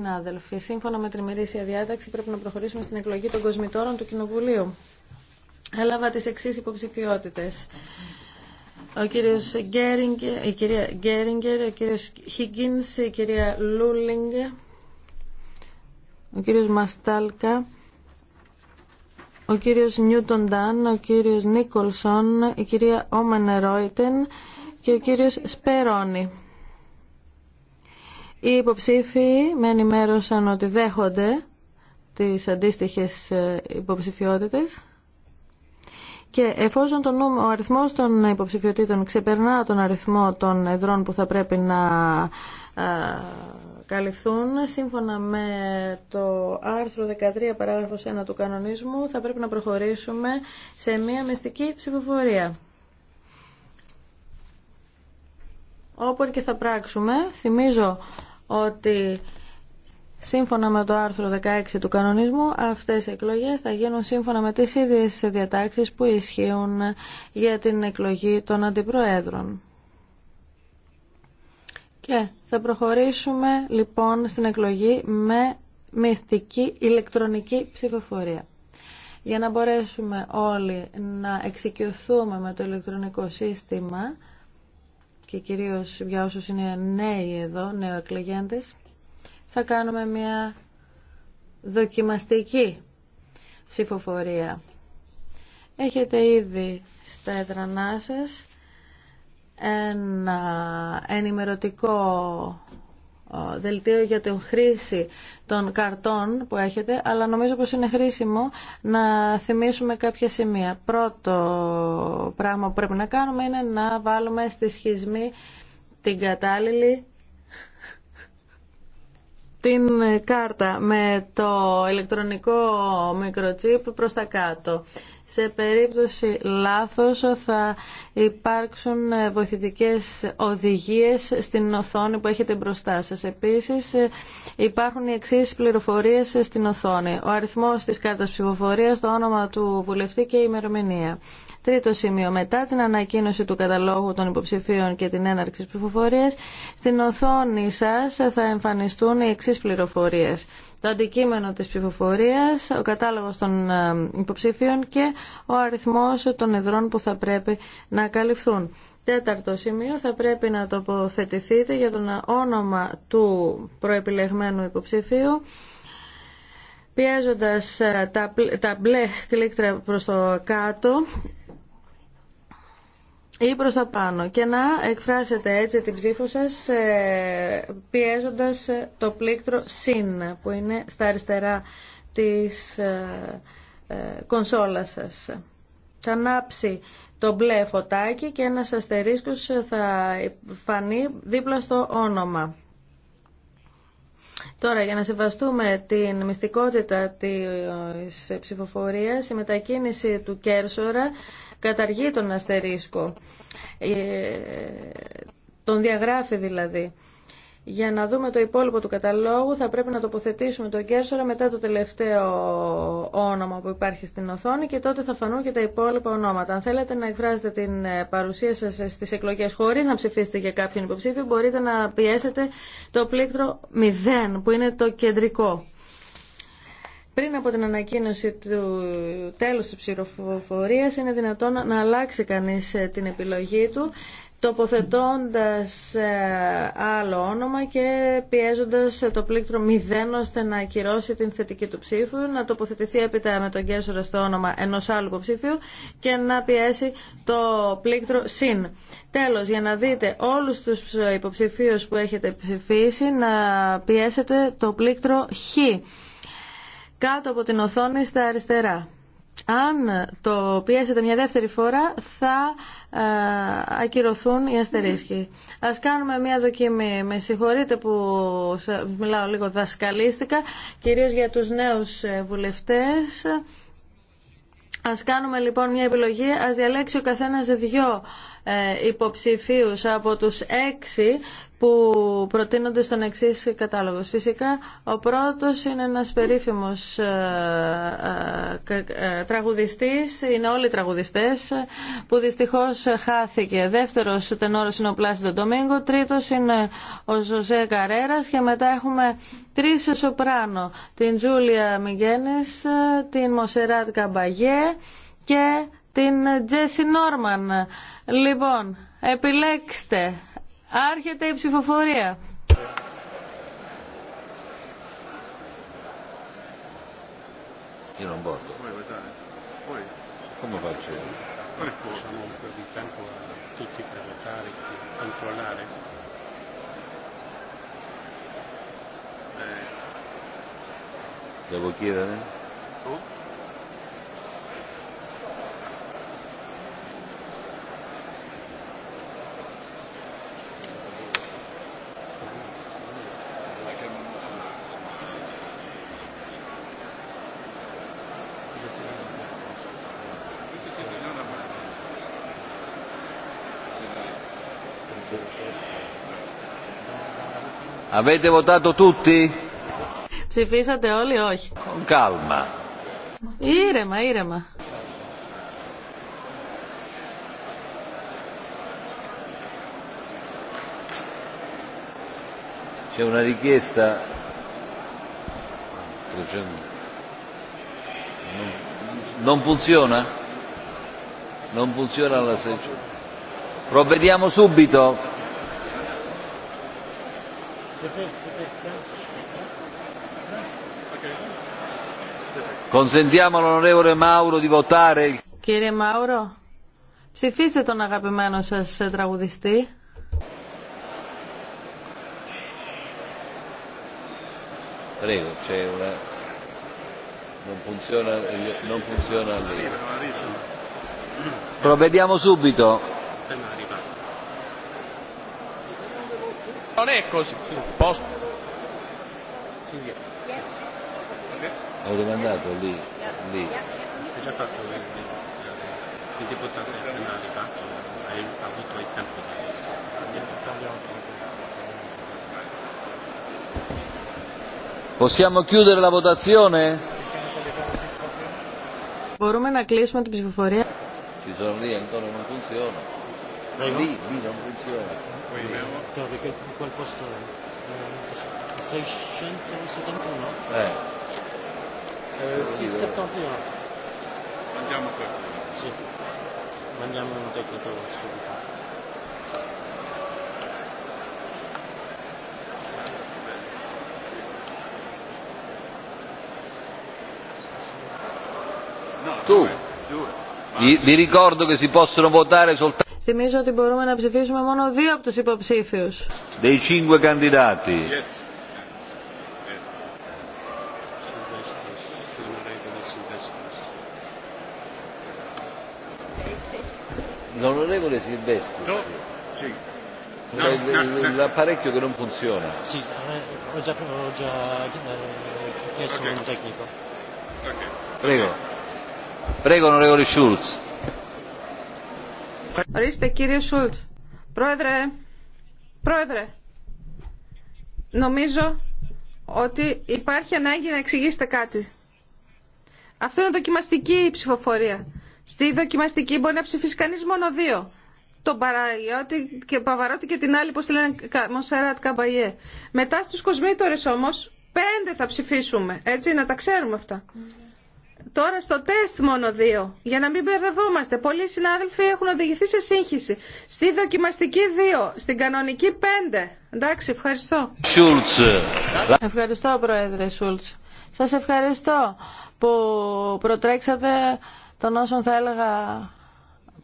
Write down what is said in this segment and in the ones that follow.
Συνάδελφοι, σύμφωνα με τριμερήσια διάταξη πρέπει να προχωρήσουμε στην εκλογή των κοσμητόρων του Κοινοβουλίου. Έλαβα τις εξής υποψηφιότητες. Ο κύριος Γκέριγκερ, η κυρία Γκέριγκερ, ο κύριος Χίγκινς, η κυρία Λούλινγκ, ο κύριος Μαστάλκα, ο κύριος Νιούτον Ντάν, ο κύριος Νίκολσον, η κυρία Όμενε Ρόιτεν και ο κύριος Σπερόνι. Οι υποψήφοι με ενημέρωσαν ότι δέχονται τις αντίστοιχες ε, υποψηφιότητες και εφόσον τον νου, ο αριθμός των υποψηφιότητων ξεπερνά τον αριθμό των εδρών που θα πρέπει να ε, καλυφθούν, σύμφωνα με το άρθρο 13 παράγραφος 1 του κανονισμού, θα πρέπει να προχωρήσουμε σε μία μυστική ψηφοφορία. Όποτε και θα πράξουμε, θυμίζω ότι σύμφωνα με το άρθρο 16 του κανονισμού αυτές οι εκλογές θα γίνουν σύμφωνα με τις ίδιες διατάξεις που ισχύουν για την εκλογή των αντιπροέδρων. Και θα προχωρήσουμε λοιπόν στην εκλογή με μυστική ηλεκτρονική ψηφοφορία. Για να μπορέσουμε όλοι να εξοικειωθούμε με το ηλεκτρονικό σύστημα, και κυρίως για όσους είναι νέοι εδώ, νεοεκλεγέντες, θα κάνουμε μια δοκιμαστική ψηφοφορία. Έχετε ήδη στα έδρανά σας ένα ενημερωτικό ε, δελτίο για την χρήση των καρτών που έχετε, αλλά νομίζω πως είναι χρήσιμο να θυμίσουμε κάποια σημεία. Πρώτο πράγμα που πρέπει να κάνουμε είναι να βάλουμε στη σχισμή την κατάλληλη την κάρτα με το ηλεκτρονικό μικροτσίπ προς τα κάτω. Σε περίπτωση λάθος θα υπάρξουν βοηθητικές οδηγίες στην οθόνη που έχετε μπροστά σας. Επίσης υπάρχουν οι εξής πληροφορίες στην οθόνη. Ο αριθμός της κάρτας ψηφοφορίας, το όνομα του βουλευτή και η ημερομηνία. Τρίτο σημείο. Μετά την ανακοίνωση του καταλόγου των υποψηφίων και την έναρξη ψηφοφορία, στην οθόνη σας θα εμφανιστούν οι εξής πληροφορίες. Το αντικείμενο της ψηφοφορίας, ο κατάλογος των ε, υποψηφίων και ο αριθμός των εδρών που θα πρέπει να καλυφθούν. Τέταρτο σημείο, θα πρέπει να τοποθετηθείτε για τον όνομα του προεπιλεγμένου υποψηφίου πιέζοντας ε, τα μπλε κλίκτρα προς το κάτω ή προς τα πάνω και να εκφράσετε έτσι την ψήφο σας ε, πιέζοντας ε, το πλήκτρο συν που είναι στα αριστερά της ε, κονσόλας σας. Θα ανάψει το μπλε φωτάκι και ένας αστερίσκος θα φανεί δίπλα στο όνομα. Τώρα, για να σεβαστούμε την μυστικότητα της ψηφοφορίας, η μετακίνηση του Κέρσορα καταργεί τον αστερίσκο, ε, τον διαγράφει δηλαδή. Για να δούμε το υπόλοιπο του καταλόγου θα πρέπει να τοποθετήσουμε τον κέρσορα μετά το τελευταίο όνομα που υπάρχει στην οθόνη και τότε θα φανούν και τα υπόλοιπα ονόματα. Αν θέλετε να εκφράσετε την ε, παρουσία σας ε, στις εκλογές χωρίς να ψηφίσετε για κάποιον υποψήφιο μπορείτε να πιέσετε το πλήκτρο 0 που είναι το κεντρικό πριν από την ανακοίνωση του τέλους της ψηφοφορίας είναι δυνατόν να αλλάξει κανείς ε, την επιλογή του τοποθετώντας ε, άλλο όνομα και πιέζοντας ε, το πλήκτρο 0 ώστε να ακυρώσει την θετική του ψήφου, να τοποθετηθεί έπειτα με τον κέρσορα στο όνομα ενός άλλου υποψήφιου και να πιέσει το πλήκτρο συν. Τέλος, για να δείτε όλους τους υποψηφίους που έχετε ψηφίσει, να πιέσετε το πλήκτρο χ κάτω από την οθόνη στα αριστερά. Αν το πιέσετε μια δεύτερη φορά θα ε, ακυρωθούν οι αστερίσκοι. Ας κάνουμε μια δοκιμή. Με συγχωρείτε που μιλάω λίγο δασκαλιστικά. κυρίως για τους νέους ε, βουλευτές. Ας κάνουμε λοιπόν μια επιλογή. Ας διαλέξει ο καθένας δυο ε, υποψηφίους από τους έξι που προτείνονται στον εξή κατάλογο. Φυσικά, ο πρώτος είναι ένας περίφημος ε, ε, τραγουδιστής, είναι όλοι τραγουδιστές, που δυστυχώς χάθηκε. Δεύτερος τενόρος είναι ο Πλάσιντο Ντομίνγκο, τρίτος είναι ο Ζωζέ Καρέρας και μετά έχουμε τρεις σοπράνο, την Τζούλια Μιγένες, την Μοσεράτ Καμπαγέ και την Τζέσι Νόρμαν. Λοιπόν, επιλέξτε. Άρχεται η ψηφοφορία. Io non να Avete votato tutti? Ψηφίσατε όλοι, όχι. Κάλμα. Irema, Irema. C'è una richiesta. Non funziona? Non funziona la sezione. Provvediamo subito. Consentiamo all'onorevole Mauro di votare. Κύριε Μάουρο, ψηφίστε τον αγαπημένο σας τραγουδιστή. Prego, c'è una... Non funziona, non funziona lì. Provvediamo subito. Non è così. Sì. Posto. Ho domandato lì. lì. Hai già fatto questi. il deputato prima di fatto, hai avuto il tempo di Possiamo chiudere la votazione? Μπορούμε να κλείσουμε την ψηφοφορία. Ci sono lì ancora non funziona. Lì, lì non funziona. No, perché in quel posto è 671? Eh. Eh, 671. Andiamo per Sì. Mandiamo un tecnico subito. Tu, vi ricordo che si possono votare soltanto... Θυμίζω ότι μπορούμε να ψηφίσουμε μόνο δύο από τους υποψήφιους. Dei cinque candidati. L'onorevole Silvestri. No, sì. No, no, no. L'apparecchio che non funziona. Sì, ho già, ho già chiesto okay. un tecnico. Okay. Prego. Prego, onorevole Schulz. Ορίστε κύριε Σούλτ, Πρόεδρε, πρόεδρε, νομίζω ότι υπάρχει ανάγκη να εξηγήσετε κάτι. Αυτό είναι δοκιμαστική ψηφοφορία. Στη δοκιμαστική μπορεί να ψηφίσει κανεί μόνο δύο. Τον Παραγιώτη και Παβαρότη και την άλλη, πώς τη λένε, Μοσεράτ Καμπαγιέ. Μετά στους κοσμήτορε όμως, πέντε θα ψηφίσουμε. Έτσι, να τα ξέρουμε αυτά τώρα στο τεστ μόνο δύο, για να μην μπερδευόμαστε. Πολλοί συνάδελφοι έχουν οδηγηθεί σε σύγχυση. Στη δοκιμαστική δύο, στην κανονική πέντε. Εντάξει, ευχαριστώ. Ευχαριστώ, Πρόεδρε Σούλτς. Σας ευχαριστώ που προτρέξατε τον όσον θα έλεγα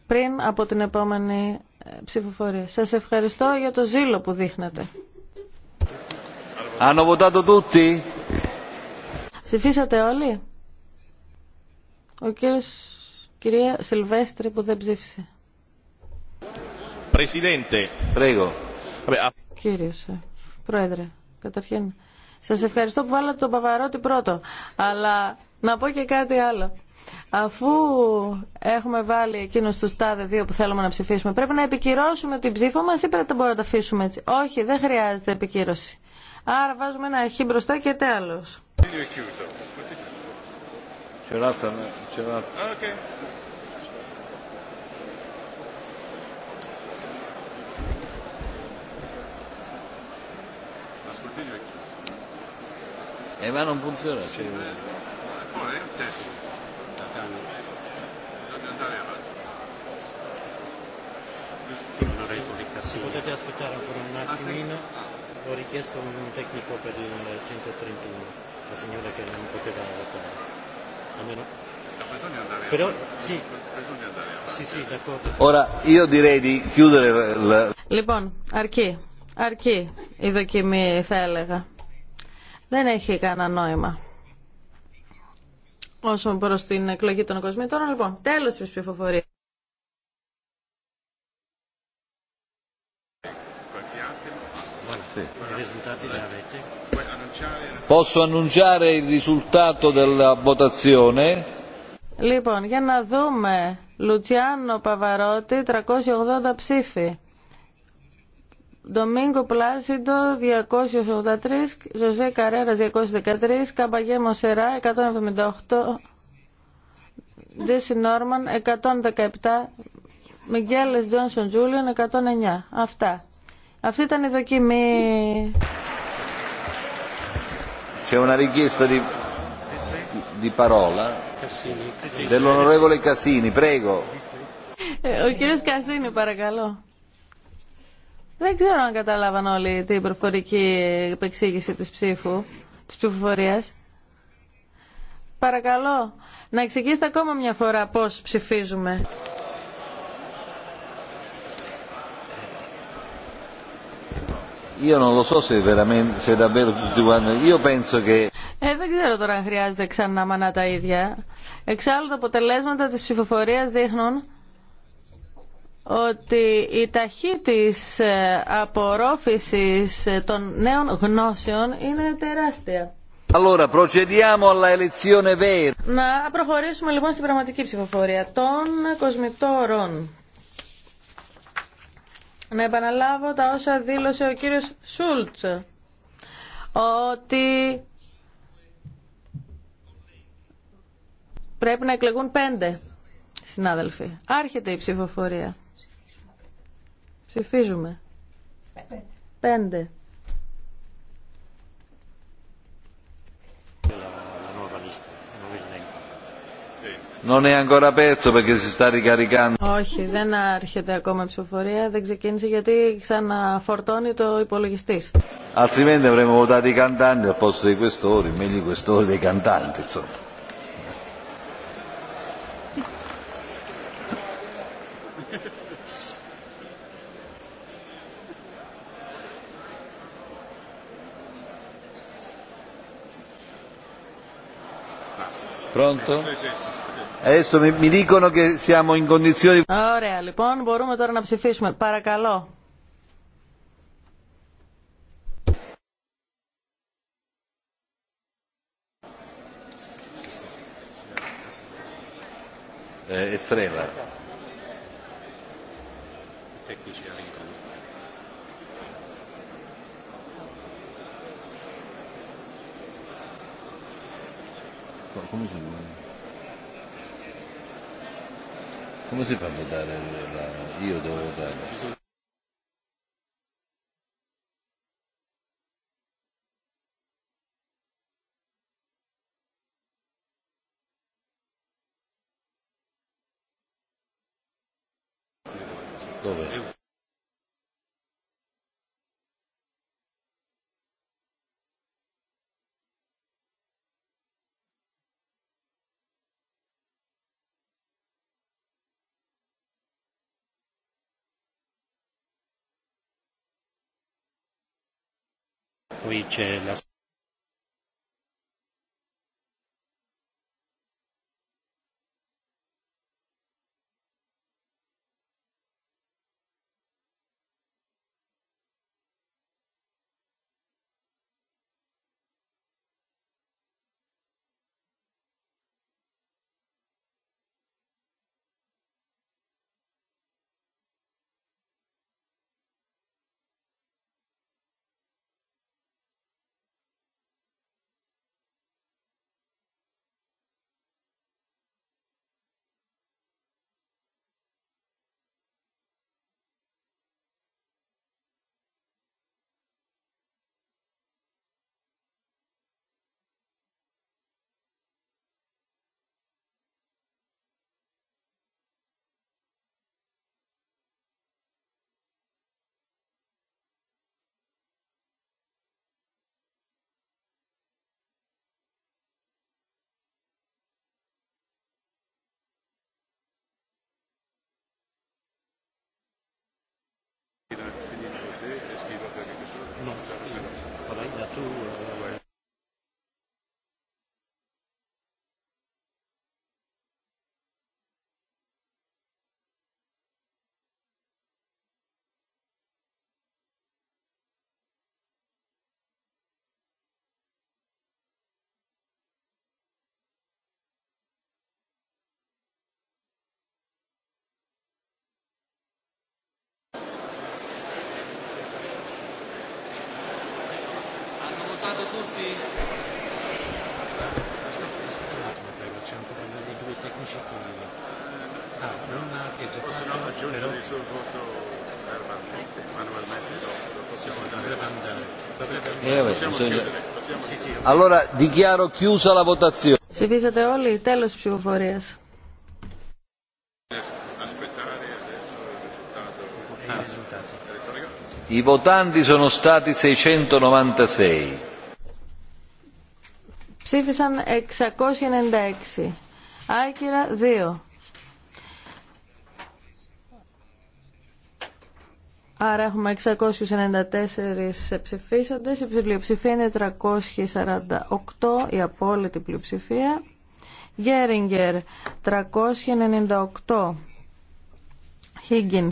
πριν από την επόμενη ε, ψηφοφορία. Σας ευχαριστώ για το ζήλο που δείχνετε. Ψηφίσατε όλοι? Ο κύριος, κυρία Σιλβέστρη που δεν ψήφισε. Κύριος, ε, πρόεδρε, καταρχήν. Σας ευχαριστώ που βάλατε τον Παβαρότη πρώτο, αλλά να πω και κάτι άλλο. Αφού έχουμε βάλει εκείνους τους τάδε δύο που θέλουμε να ψηφίσουμε, πρέπει να επικυρώσουμε την ψήφο μας ή πρέπει να μπορούμε να τα αφήσουμε έτσι. Όχι, δεν χρειάζεται επικύρωση. Άρα βάζουμε ένα αρχή μπροστά και τέλο. Cerata, cerata. Okay. Ascolti E ma non funziona. Sì, Poi, il testo. Bisogna andare avanti. Sì, onorevole Cassini. Potete aspettare ancora un attimino. Ho richiesto un tecnico per il 131, la signora che non poteva votare. Λοιπόν, αρκεί. Αρκεί η δοκιμή θα έλεγα. Δεν έχει κανένα νόημα. Όσο προ την εκλογή των κοσμητών, λοιπόν, τέλο τη ψηφοφορία. Sì. I Posso annunciare il Λοιπόν, για να δούμε. Λουτσιάνο Παβαρότη, 380 ψήφοι. Ντομίνγκο Πλάσιντο, 283. Ζωζέ Καρέρα, 213. Καμπαγέ Μοσερά, 178. Τζέσι Νόρμαν, 117. Μιγγέλες Τζόνσον Τζούλιον, 109. Αυτά. Αυτή ήταν η δοκιμή. C'è una richiesta di, di parola dell'onorevole prego. Ο κύριο Κασίνη παρακαλώ. Δεν ξέρω αν καταλάβαν όλοι την προφορική επεξήγηση της ψήφου, της ψηφοφορίας. Παρακαλώ, να εξηγήσετε ακόμα μια φορά πώ ψηφίζουμε. Io non lo Ε, δεν ξέρω τώρα αν χρειάζεται ξανά μανά τα ίδια. Εξάλλου τα αποτελέσματα της ψηφοφορίας δείχνουν ότι η ταχύτης ε, απορρόφησης ε, των νέων γνώσεων είναι τεράστια. Allora, procediamo alla elezione vera. Να προχωρήσουμε λοιπόν στην πραγματική ψηφοφορία των κοσμητόρων να επαναλάβω τα όσα δήλωσε ο κύριος Σούλτς, ότι πρέπει να εκλεγούν πέντε συνάδελφοι. Άρχεται η ψηφοφορία. Ψηφίζουμε. Πέντε. Non è ancora aperto perché si sta ricaricando. Όχι, δεν άρχεται ακόμα η ψηφοφορία. Δεν ξεκίνησε γιατί ξαναφορτώνει το υπολογιστή. Altrimenti avremmo votato i cantanti al posto dei questori, meglio i questori dei cantanti, insomma. Pronto? Sì, sì. Ωραία, λοιπόν, μπορούμε τώρα να ψηφίσουμε. Παρακαλώ. Ε, Come si fa a votare? La... Io devo votare. Dove? which c'è la tutti? Posso no, aggiungere il suo voto verbalmente, manualmente dopo, lo possiamo andare. Allora dichiaro chiusa la votazione. Ψηφίσατε όλοι, τέλος I votanti sono stati 696. Ψήφισαν 696. Άκυρα 2. Άρα έχουμε 694 ψηφίσαντες, η πλειοψηφία είναι 348, η απόλυτη πλειοψηφία. Γκέριγκερ 398, Higgins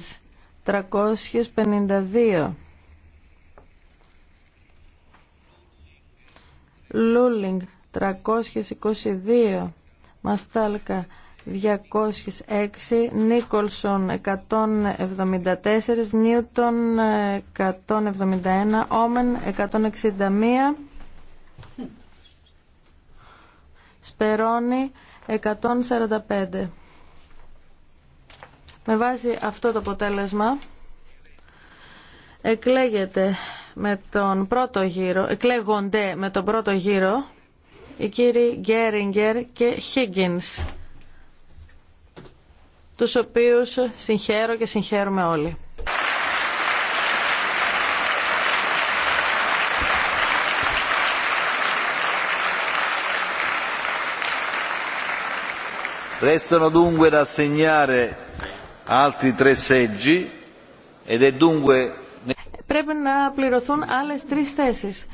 352, Λούλινγκ 322, Μαστάλκα 206, Νίκολσον 174, Νιούτον 171, Όμεν 161, Σπερόνι 145. Με βάση αυτό το αποτέλεσμα εκλέγεται με τον πρώτο γύρο, εκλέγονται με τον πρώτο γύρο οι κύριοι Γκέριγκερ και Χίγκινς, τους οποίους συγχαίρω και συγχαίρουμε όλοι. Restano dunque da assegnare altri tre seggi ed è Πρέπει να πληρωθούν άλλες τρεις θέσεις.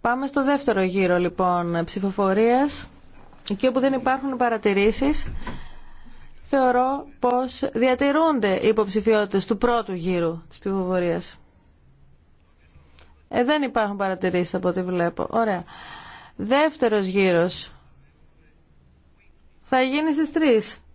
Πάμε στο δεύτερο γύρο λοιπόν ψηφοφορίας. Εκεί όπου δεν υπάρχουν παρατηρήσεις, θεωρώ πως διατηρούνται οι υποψηφιότητες του πρώτου γύρου της ψηφοφορίας. Ε, δεν υπάρχουν παρατηρήσεις από ό,τι βλέπω. Ωραία. Δεύτερος γύρος θα γίνει στις 3.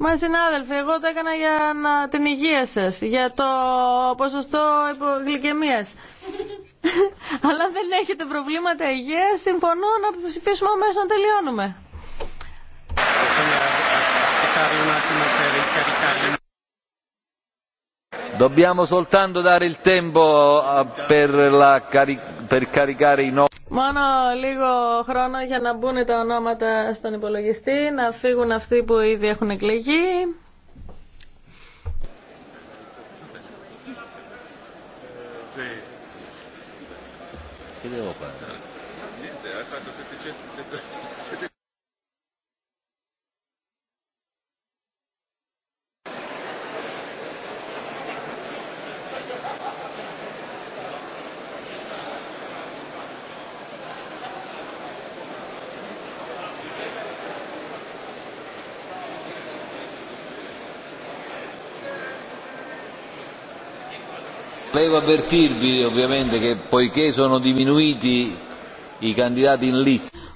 Μα συνάδελφοι, εγώ το έκανα για να, την υγεία σα για το ποσοστό υπογλυκαιμία. Αλλά δεν έχετε προβλήματα υγεία, συμφωνώ να ψηφίσουμε αμέσω να τελειώνουμε. Dobbiamo soltanto dare il tempo eh, per la Μόνο λίγο χρόνο για να μπουν τα ονόματα στον υπολογιστή, να φύγουν αυτοί που ήδη έχουν εκλεγεί. avvertirvi ovviamente che poiché sono diminuiti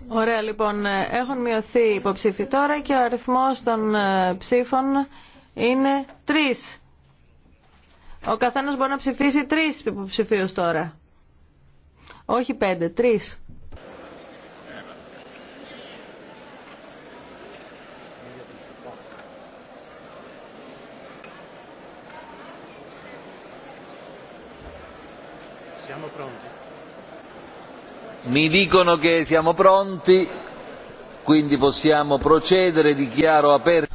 Ωραία, λοιπόν, έχουν μειωθεί οι υποψήφοι τώρα και ο αριθμός των ε, ψήφων είναι τρεις. Ο καθένας μπορεί να ψηφίσει τρεις υποψηφίους τώρα. Όχι πέντε, τρεις. Mi dicono che siamo pronti, quindi possiamo procedere, dichiaro aperto.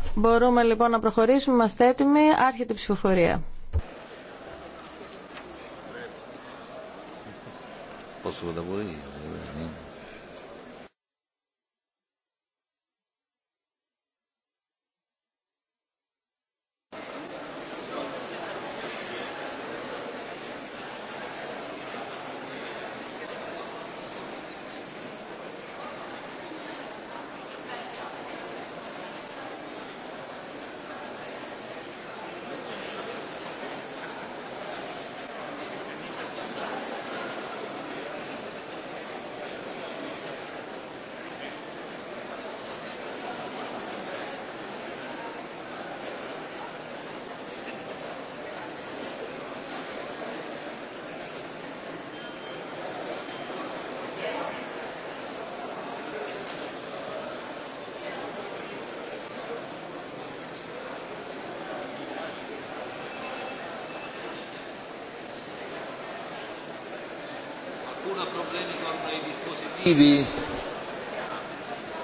ancora problemi con i dispositivi?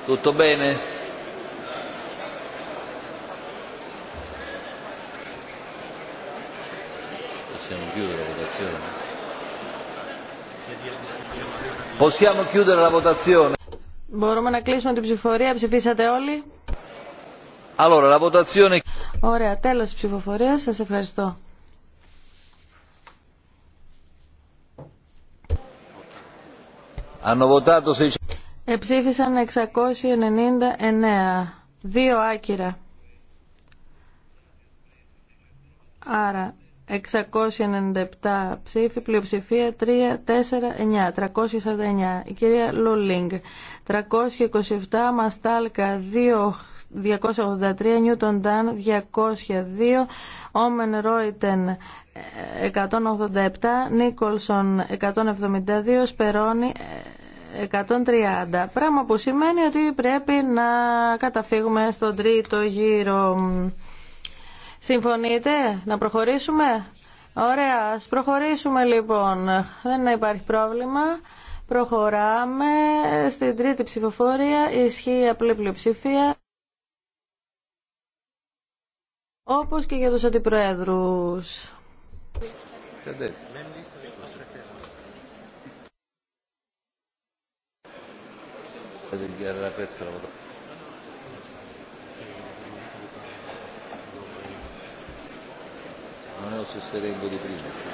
Tutto bene? Possiamo chiudere la votazione? Possiamo chiudere la votazione? Μπορούμε να κλείσουμε την ψηφορία. Ψηφίσατε όλοι. Allora, la votazione... Ωραία, τέλος της ψηφοφορίας. Σας ευχαριστώ. Εψήφισαν 699. Δύο άκυρα. Άρα 697 ψήφοι, πλειοψηφία 3, 4, 9, 349. Η κυρία Λούλινγκ, 327, Μαστάλκα, 2, 283, Νιούτον Ντάν, 202, Όμεν Ρόιτεν, 187, Νίκολσον, 172, Σπερόνι 130. Πράγμα που σημαίνει ότι πρέπει να καταφύγουμε στον τρίτο γύρο. Συμφωνείτε να προχωρήσουμε. Ωραία, ας προχωρήσουμε λοιπόν. Δεν υπάρχει πρόβλημα. Προχωράμε στην τρίτη ψηφοφόρια. Ισχύει απλή πλειοψηφία. Όπως και για τους αντιπροέδρους. Δεν non è lo stesso elenco di prima.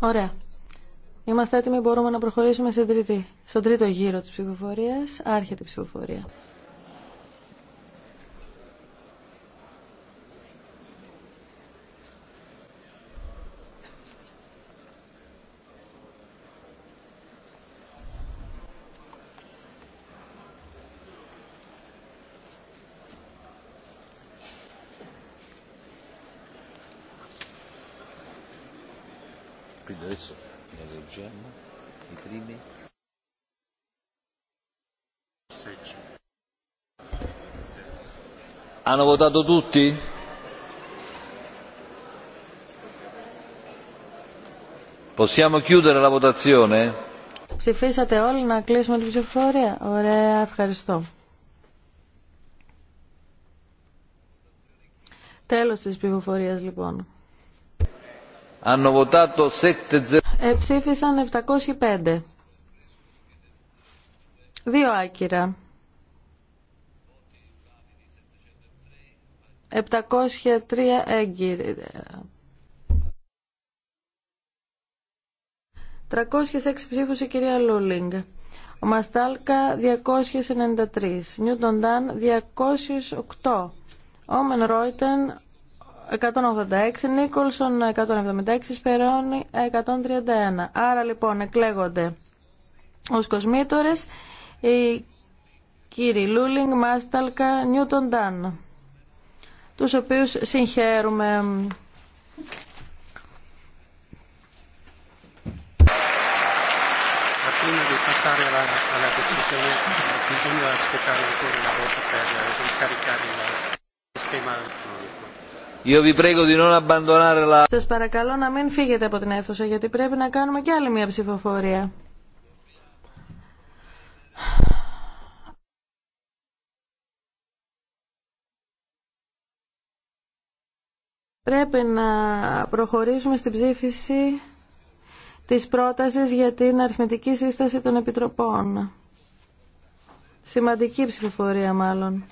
Ωραία. Είμαστε έτοιμοι, μπορούμε να προχωρήσουμε στον τρίτο γύρο της ψηφοφορίας. Άρχεται η ψηφοφορία. Hanno votato tutti? Possiamo chiudere la votazione? Ψηφίσατε όλοι να κλείσουμε την ψηφοφορία. Ωραία, ευχαριστώ. Τέλος της ψηφοφορίας λοιπόν. Hanno votato 7 Εψήφισαν 705. Δύο άκυρα. 703 έγκυρη. 306 ψήφους η κυρία Λούλινγκ. Ο Μαστάλκα 293. Νιούτον Ντάν 208. Όμεν Ρόιτεν 186. Νίκολσον 176. Σπερώνη 131. Άρα λοιπόν εκλέγονται ως κοσμήτορες οι κύριοι Λούλινγκ, Μάσταλκα, Νιούτον Ντάν τους οποίους συγχαίρουμε. Σας παρακαλώ να μην φύγετε από την αίθουσα γιατί πρέπει να κάνουμε και άλλη μια ψηφοφορία. Πρέπει να προχωρήσουμε στην ψήφιση της πρότασης για την αριθμητική σύσταση των επιτροπών. Σημαντική ψηφοφορία μάλλον.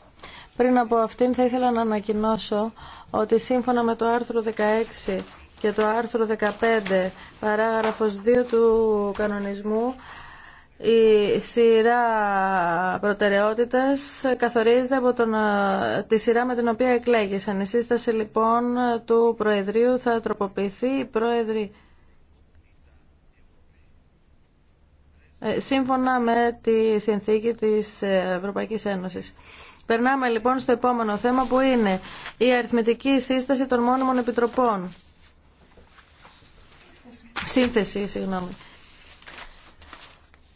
Πριν από αυτήν θα ήθελα να ανακοινώσω ότι σύμφωνα με το άρθρο 16 και το άρθρο 15 παράγραφος 2 του κανονισμού η σειρά προτεραιότητας καθορίζεται από τον, ε, τη σειρά με την οποία εκλέγησαν. Η σύσταση λοιπόν του Προεδρείου θα τροποποιηθεί ε, σύμφωνα με τη συνθήκη της Ευρωπαϊκής Ένωσης. Περνάμε λοιπόν στο επόμενο θέμα που είναι η αριθμητική σύσταση των μόνιμων επιτροπών. Σύνθεση, συγγνώμη.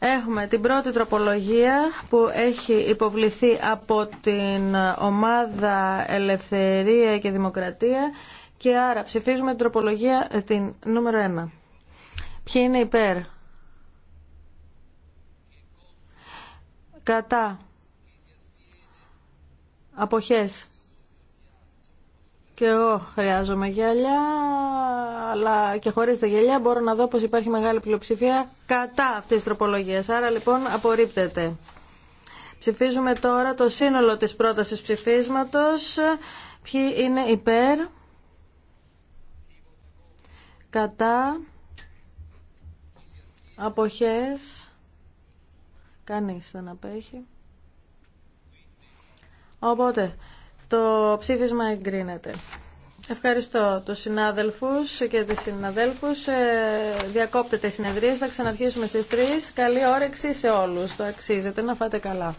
Έχουμε την πρώτη τροπολογία που έχει υποβληθεί από την ομάδα Ελευθερία και Δημοκρατία και άρα ψηφίζουμε την τροπολογία ε, την νούμερο 1. Ποιοι είναι υπέρ. Κατά. Αποχές. Και εγώ χρειάζομαι γυαλιά, αλλά και χωρίς τα γυαλιά μπορώ να δω πώ υπάρχει μεγάλη πλειοψηφία κατά αυτή της τροπολογίας. Άρα λοιπόν απορρίπτεται. Ψηφίζουμε τώρα το σύνολο της πρότασης ψηφίσματος. Ποιοι είναι υπέρ, κατά, αποχές, κανείς δεν απέχει. Οπότε, το ψήφισμα εγκρίνεται. Ευχαριστώ τους συνάδελφους και τις συναδέλφους. Ε, διακόπτεται η συνεδρία. Θα ξαναρχίσουμε στις 3. Καλή όρεξη σε όλους. Το αξίζεται. Να φάτε καλά.